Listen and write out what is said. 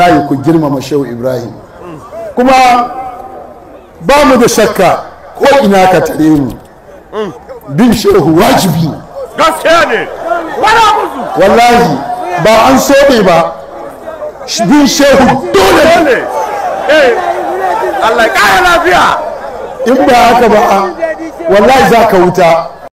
layi ku girmama shehu ibrahim kuma ba mu da shakka ko ina ka tare mu bin shehu wajibi gaskiya ne wallahi ba an so ne ba bin shehu dole ne eh, Allah ya lafiya in ba haka ba wallahi za ka wuta